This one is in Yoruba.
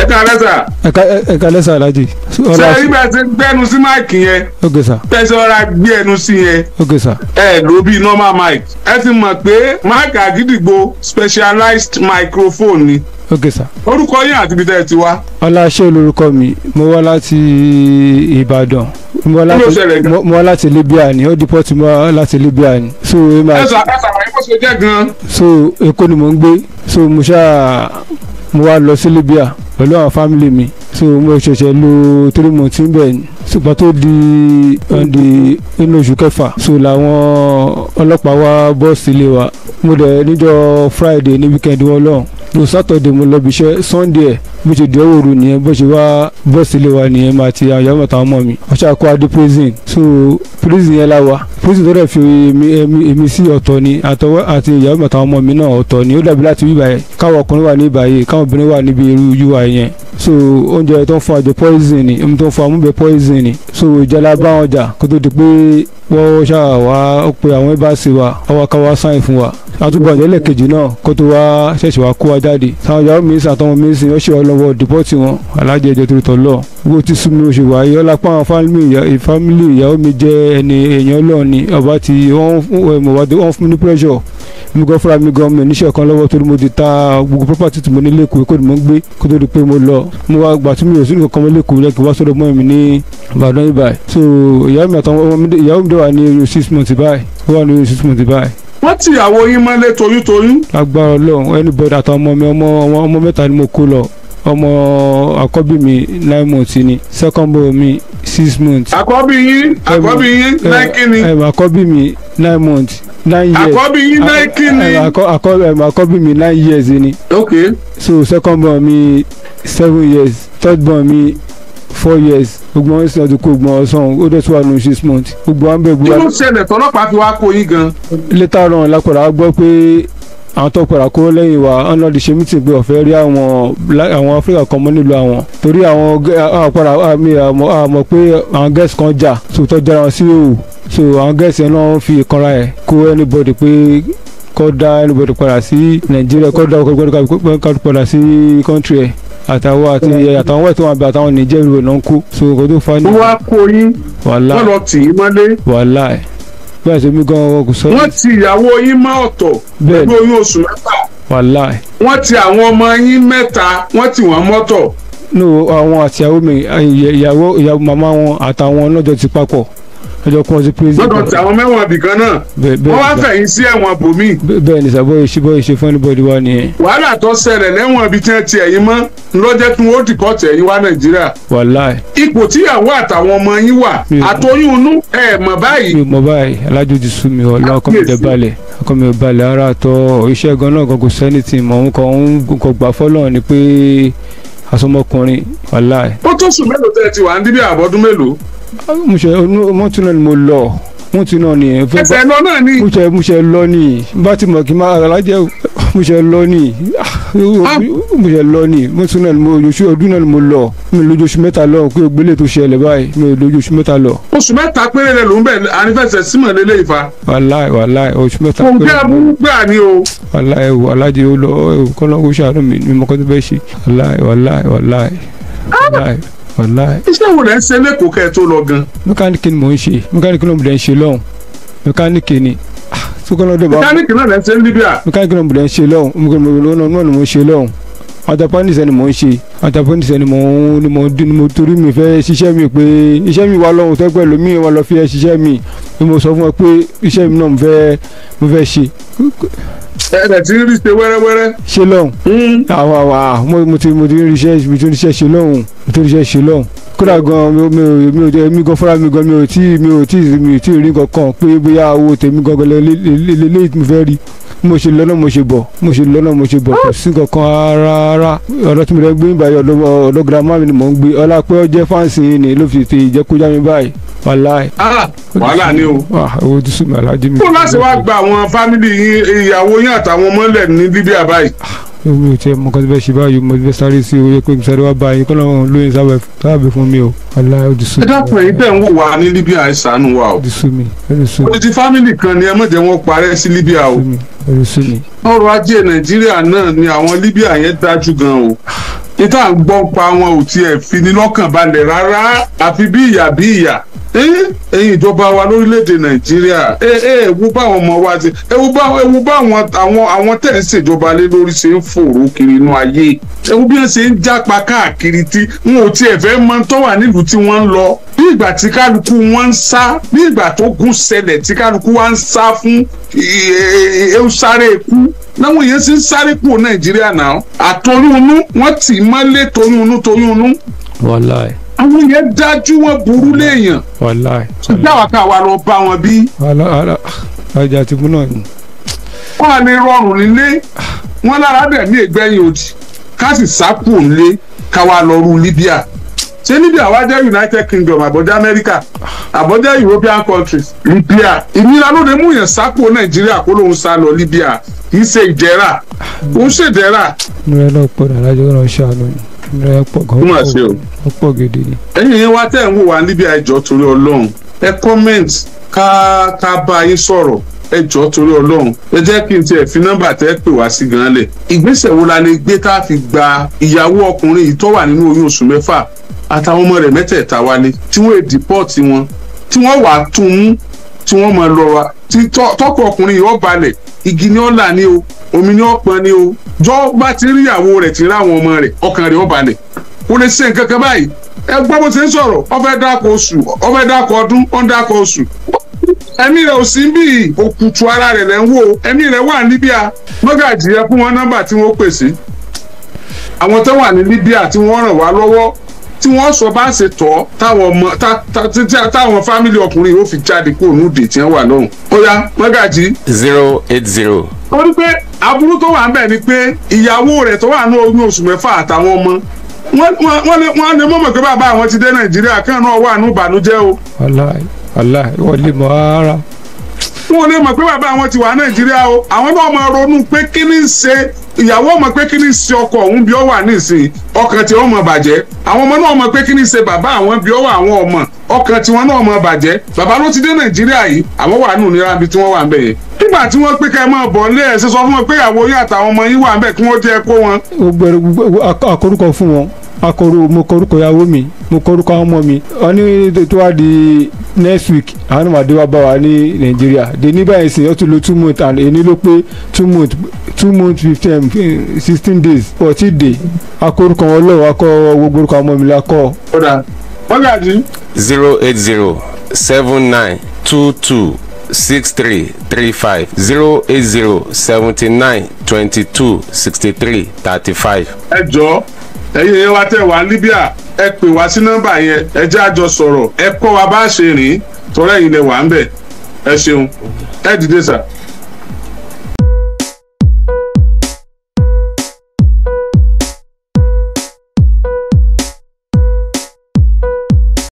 ẹ ká lẹ́sà. ẹ ká lẹ́sà alájì. ṣe rí bá ṣe gbẹnu sí máìkì yẹn. ok sir. pẹ̀sẹ̀ ọ̀ra gbé ẹnu sí yẹn. ok sir. ẹ ló bí normal mic. ẹ ti mọ̀ pé máìkì àgídìgbò specialized microphone ni. ok sir. orúkọ yín àti ibi tẹ́ ẹ ti wá. ọláṣẹ́ lorúkọ mi mo wá láti ìbàdàn mo wá láti libya ni ó dipọ́tì mo wá láti libya ni. so ẹ máa. ẹ sọ àwọn ẹgbẹ́ sọ jẹ́ gan so èkó ni mo ń gbé so mo ṣáà mo wá lọ sí libya pẹ̀lú àwọn fámìlì mi so mo ṣẹ̀ṣẹ̀ lò three months níbẹ̀ ni ṣùgbọ́n tó di di inú oṣù kẹfà so làwọn ọlọ́pàá wá bọ́ọ̀sì ilé wa mo dẹ̀ níjọ́ friday ní weekend wọn lọ́hùn lo sátọ̀dẹ̀ mo lọ bí iṣẹ́ sunday ẹ̀ bó ṣe dìọ́ òru nìyẹn bó ṣe wá bọ́ọ̀sì ilé wa nìyẹn máa ti àwọn ìyàwó àtàwọn ọmọ mi ọ̀ṣà kó adé prison so prison yẹn la wa prison tó dẹ̀ fi èmi sí ọ̀tọ̀ ni àtọwọ́ àti ìyàwó àtàwọn ọmọ mi náà ọ̀tọ̀ ni ó dàbí láti wíwáyé káwọn ọkùnrin wà ní ìbàyè káwọn obìnrin wà níbi irú yíwáyé yẹn so oúnjẹ tó ń fa the poison ni omi tó ń fa amúbẹ poison ni so ìjọba bá wọn jà kó tó di pé wọ́n ṣáà wá pé àwọn ibà sí wa awakawa sáyìn fún wa àtúbọ̀dé lẹ́ẹ̀kejì náà kó tó wá ṣẹ̀ṣẹ̀ wá kó wa jáde táwọn ìyàwó mi ń sàn àtọmọ mi ń sìn ó ṣe ọlọ́wọ́ dìpọ́tì wọn alájẹ ẹjọ́ torí tọ́lọ́ bó ti sún mi oṣù wáyé ọlápá àwọn fámìlì ìyàwó mi jẹ́ ẹni èèyàn ọlọ́ọ̀ni ọba ti wọ́n fún mi ní pressure mi gan fúnra mi gan mi níṣẹ́ kan lọ́wọ́ torí mo di ta gbogbo property tí mo ní lẹ́kọ̀ọ́ kó ni mo ń gbé kó tó di pé mo lọ mo wá gbà tí mi ò sí nǹkan kan mo lẹ́kọ̀ọ́ lẹ́kọ̀ọ́ wá sọ́dọ̀ mọ́ mi ní Ìbàdàn ibà so ìyá mi àtàwọn ọmọ mi ìyàwó mi dẹ̀ wà ní oyún six months báyìí ó wà ní oyún six months báyìí wọ́n ti ìyàwó yín mọ́lé toyúntoyún. agbára Ọlọ́run anybody àtàwọn ọmọ mi ọmọ ọmọ mẹ́ta ni mi six months. àkọ́bí yín àkọ́bí yín nine kini. àkọ́bí mi nine months nine years. àkọ́bí yín nine kini. àkọ́bí mi nine years ni. ok. so second born mi seven years third born mi four years gbogbo wọn sọ kó gbọn ọsàn ó dẹ̀ tún wà ní six months gbogbo wọn bẹ̀ gbogbo. kí ló ṣẹlẹ̀ tọ́lọ́pàá fi wá kó yín gan. later on lápẹ̀rẹ̀ a pé àwọn tó padà kúrò lẹ́yìn wa wọn lọ́ọ́ di ṣe mítìn pé ọ̀fẹ́ rí àwọn àwọn áfíríkà kan mọ́ nílùú àwọn torí àwọn àpàrà àmì àmọ̀ pé àwọn gẹ́ẹ̀sì kan jà sòtọ́ jara wọn sí òwò so àwọn gẹ́ẹ̀sì yẹn náà fi ìkanra ẹ̀ kó anybody pé kó dá anybody padà sí nàìjíríà kó dá ọkọ̀ padà sí kọ́ńtì ẹ̀ àtàwọn àti àtàwọn wẹ̀ tó wà bẹ àtàwọn nìjẹ́ ìlú ẹ̀ náà ń kú so kò tó fa ní. wọ́n wá kó yín wọ́n lọ tì í mọ́lé. wàhálà ẹ̀ bẹ́ẹ̀ sẹ́mi gan ọwọ́ kò sọ́ọ́. wọ́n ti ìyàwó yín má ọ̀tọ̀ gbogbo oyún oṣù mẹ́ta. wàláì. wọ́n ti àwọn ọmọ yín mẹ́ta wọ́n ti wọ́n mọ́tọ̀. no àwọn àtìyàwó mi ìyàwó màmá wọn àtàwọn ọlọ́jọ́ ti papọ̀ ẹjọ kún ọ sí prison. lọ́dọ̀ tí àwọn mẹ́wọ̀n bìkan náà wọ́n wá fẹ̀yìn sí ẹ̀wọ̀n bòmí. bẹ́ẹ̀ ni sábọ́ ìṣe bọ́ ìṣe fún anybody wa nìyẹn. wàhálà tó ṣẹlẹ̀ lẹ́wọ̀n ibi tí wọ́n ti ẹ̀yìn mọ́ lọ́jẹ́ tí wọ́n ti kọ́ọ̀tù ẹ̀yìn wá nàìjíríà. wàláì. ipò tíyàwó àtàwọn ọmọ yín wà àtọyún inú ẹ̀ mọ̀ báyìí. mi ò mọ̀ báyìí alájò ti sú mi ọlọ́ ọkọ mi balẹ̀ ọkọ mi balẹ̀ ara àtọ iṣẹ́ gan náà kọ́kọ́ sẹ́ni tì mọ̀ òun kọ́ gbà fọ́lọ́ ni pé asọmọkùnrin wàláì. ó tó sùn mélòó tẹ́ ti wà ń díbí àbọ̀dún mélòó. Ah, mọ́tún náà ni mo lọ mọ́tún náà ni ẹ̀ lọ náà ni. mo ṣe lọ ni bá ti mọ̀ kí n máa alájẹ mo lọ ni mo ṣe lọ ni mọ́tún ah, ah. mo lóṣù ọdún náà ni mo lọ mi lójooṣù mẹ́ta lọ pé gbélé tó ṣẹlẹ̀ báyìí mi lójooṣù mẹ́ta lọ. oṣù mẹ́ta péré rẹ ló ń bẹ̀ àrífẹsẹ̀ símọ̀ lélẹ̀ ìfà. wàláì wàláì oṣù mẹ́ta péré. kò ń gbé àbúrú gbà ni o. wàláì wàláì kọ́lọ́kọ́ ṣàánú mi ni mo kọ́ tó fẹ́ ṣe wàláì wàláì wàláì wàláì. iṣẹ́ wo lẹ́ ń ṣe lẹ́kọ̀ọ́ kẹ́ ẹ tó lọ gan. mẹkáníkì ni mò ń ṣe mẹkáníkì ló ń bẹ̀rẹ̀ ń ṣe lọ́hùn mẹkáníkì ni ah, mẹkáníkì náà lẹ́ ń ṣe ń Libya. mẹkáníkì náà mo dẹ̀ ń ṣe lọ́hùn mo dẹ̀ ń ṣe lọ́hùn entrepreneur sẹ́ni mò ń ṣe entrepreneur sẹ́ni mò ń ni mò torí mi fẹ́ ṣiṣẹ́ mi pé iṣẹ́ mi wà lọ́hùn tẹ́gbẹ́ lómi wà lọ́ fi ẹ ṣiṣẹ́ mi ni mo sọ fún ẹ pé iṣẹ́ mi náà mo fẹ́ mo fẹ́ ṣe. ẹ̀ẹ́dẹ̀ tí ń rí ṣe wẹ́rẹ́wẹ́rẹ́. ṣe lọ́hùn àwọn àwọn mo ti mo ti rí iṣẹ́ mo ti rí iṣẹ́ ṣe lọ́hùn mo ti rí iṣẹ́ ṣe lọ́hùn kódà gan mi ò mi ò mi gan fúnra mi gan mi ò tí mi ò tí mi ò tí rí nǹkan kan pé bóyá owó tèmi gan gan lélẹ́yìí mo fẹ́ rí mo ṣe lọ́nà mo ṣe bọ̀ mo ṣe lọ́nà mo ṣe bọ̀ kò sí kankan rárá ọ̀dọ́ tí mo lọ gbé báyìí ọ̀dọ́ girama mi ni mò ń gbé ọlá pé ó jẹ́ fáǹsì ni ló fi fi jẹ́ kó já mi báyìí wàláì. Ah, wàhálà ni o. Ah, owó ti sùn mi alájí mi. kó láti wá gba àwọn fámìlì yín ìyàwó yín àtàwọn ọmọ ilẹ̀ ní Libya báyìí. Ah, mi ò tiẹ̀ mọ nǹkan tó ṣe báyìí mo fẹ́ sáré sí oyè pé sáré wá báyìí kọ́ lọ́wọ́ lóyún sábẹ̀ fún mi o. ala o ti ẹ dákun ẹ̀yin tẹ́ ń wò wá ní Libya ẹ ṣàánú wa o. o ti sùn mi o ti sùn mi. kan ni ẹ má wọn parẹ́ sí Libya o. o ti ọrọ̀ ajé Nàìjíríà náà ni àwọn Libya yẹn dájú gan o. níta gbọ́ pa wọn ò tiẹ̀ fi ní lọ́kàn balẹ̀ rárá àfi bí ìyà bí ìyà ẹ̀yin ìjọba wa lórílẹ̀‐èdè nàìjíríà ẹ ẹ wo báwọn ọmọ wa ti ẹ wo bá ẹ wo báwọn àwọn àwọn tẹ̀ ń ṣèjọba lé lórí ṣe ń fòrò kiri inú ayé ẹ wo bí wọ́n ṣe ń jápa káàkiri tí wọn ò tiẹ̀ fẹ́ mọ tó wà nílùú tí wọ́n ń lọ bí ìgbà tí kálukú wọn ń sá bí ìgbà tó gùn ṣẹlẹ̀ tí kálukú wa ń sá fún eusare ikú láwọn èèyàn ṣe ń sáré kúrò nàìjíríà náà àtọyúnú wọn tì mọ́lé toyúnú toyúnú. wàláì àwọn yẹn dájú wọn burú léèyàn ṣùgbọ́n àwọn kan wà lọ bá wọn bí. ọjà tìbú náà ni. wọn à lè rọrùn nílé wọn lára dẹ̀ ní ìgbẹ́yìn òdì ká sì sápò nílé ká wà lọ rú Libya ṣé Libya wá jẹ́ United Kingdom àbọ̀já America àbọ̀já European countries Libya ìnira ló lè mú yẹn sápò Nàìjíríà kó lóun sá lọ Libya kì í ṣe ìdẹ́ra kò ń ṣèdẹ́ra. mo rẹ lọ pọ̀ dàdájọ́ náà ṣàánú ni rẹ pọ̀ gan ó pọ̀ gidi ni. ẹ̀yin yẹn wá tẹ̀ ń wò wá níbi àìjọ torí Ọlọ́run ẹ comment ká ká bá yín sọ̀rọ̀ ẹ jọ̀ọ́ torí Ọlọ́run ẹ jẹ́ kí n tiẹ̀ fi nọ́mbà tẹ́ pè wá sí gan lẹ̀ ìgbésẹ̀ wo la lè gbé tá a fi gba ìyàwó ọkùnrin yìí tó wà nínú oyún oṣù mẹ́fà àtàwọn ọmọ rẹ̀ mẹ́tẹ̀ẹ̀ta wálé tí wọ́n èdè pọ́ọ̀tì wọn tí wọ́n wàá tún mú tí wọ́n máa lọ wa tí tọkọ ọkùnrin yìí ó balẹ̀ igi ni ó là ní o omi ni ó pọn ní o jọ bá ti rí ìyàwó rẹ̀ ti rí àwọn ọmọ rẹ̀ ọkàn rẹ̀ ó balẹ̀ kò lè ṣe nǹkan kan báyìí ẹ gbọ́ bó ṣe ń sọ̀rọ̀ ó fẹ́ dákọ̀ oṣù ó fẹ́ dákọ̀ ọdún ó ń dákọ̀ oṣù ẹ̀mí rẹ̀ ò sí bí òkùtù ara rẹ̀ lẹ́ ń wò ẹ̀mí rẹ̀ wà ní mọ́gàjì ẹ fún wọn nọ́mbà tí wọ́n pè àwọn tó wà ní Libya tí wọ́n ràn wá lọ́wọ́ tí wọ́n sọ bá ṣe tọ́ táwọn ọmọ táwọn fámìlì ọkùnrin yóò fi jáde kúrò nídìí tí wọ́n wà lọ́hùn. ó yá mọ́gàjì. zero eight zero. ó ní pé aburú tó wà ń bẹ̀ ni pé ìyàwó rẹ̀ tó wà ní oyún oṣù mẹ́fà àtàwọn ọmọ wọ́n lè mọ̀mọ̀ pé bàbá àwọn ti dé nàìjíríà kí náà wà ní ìbànújẹ́ o. wàláì wàláì wọ́n lè mọ̀ rárá. wọ́n lè mọ̀ pé bàbá àwọn ti wà nàìjíríà o àwọn náà máa ronú pé kí ni ń ṣe ìyàwó ọmọ pé kí ni ṣe ọkọ òun bí ó wà nísìnyí ọkàn tí wọn mọ bàjẹ́ àwọn ọmọ náà mọ pé kí ni ṣe bàbá àwọn bí ó wà àwọn ọmọ ọkàn tí wọn náà mọ bàjẹ́ bàbá ló ti dé nàìjíríà yìí àwọn wà nù nira bí tí wọn wà ń bẹ yẹn nígbà tí wọn pé ká ẹ máa bọ̀ nílé ẹ ṣe sọ fún wọn pé ìyàwó yín àtàwọn ọmọ yín wà ń bẹ kí wọn jẹ kó wọn. ó fún wọn akọrò mo kọrúkọ ìyàwó mi mo kọrúkọ àwọn ọmọ mi wọn ní tó wá di next week àwọn náà wàdé wá bá wa ní nàìjíríà dé ní báyìí sìn ọtún lo two months and èyí ló pé two months two months fifteen um, sixteen days forty day akọrúkọ wọn lọ́wọ́ akọ gbogbo orúkọ ọmọ mi la kọ́. bọ́lá di. zero eight zero seven nine two two six three three five zero eight zero seventy nine twenty two sixty three thirty five. ẹ jọ̀ọ́ ẹ̀yin èèyàn wa tẹ̀ wá Libya ẹ pè wá sí nọ́mbà yẹn ẹ jẹ́ àjọ sọ̀rọ̀ ẹ kọ́ wa bá ṣe rìn tọ́lá ẹ̀yin lẹ wà ń bẹ̀ ẹ ṣeun ẹ dìde sà.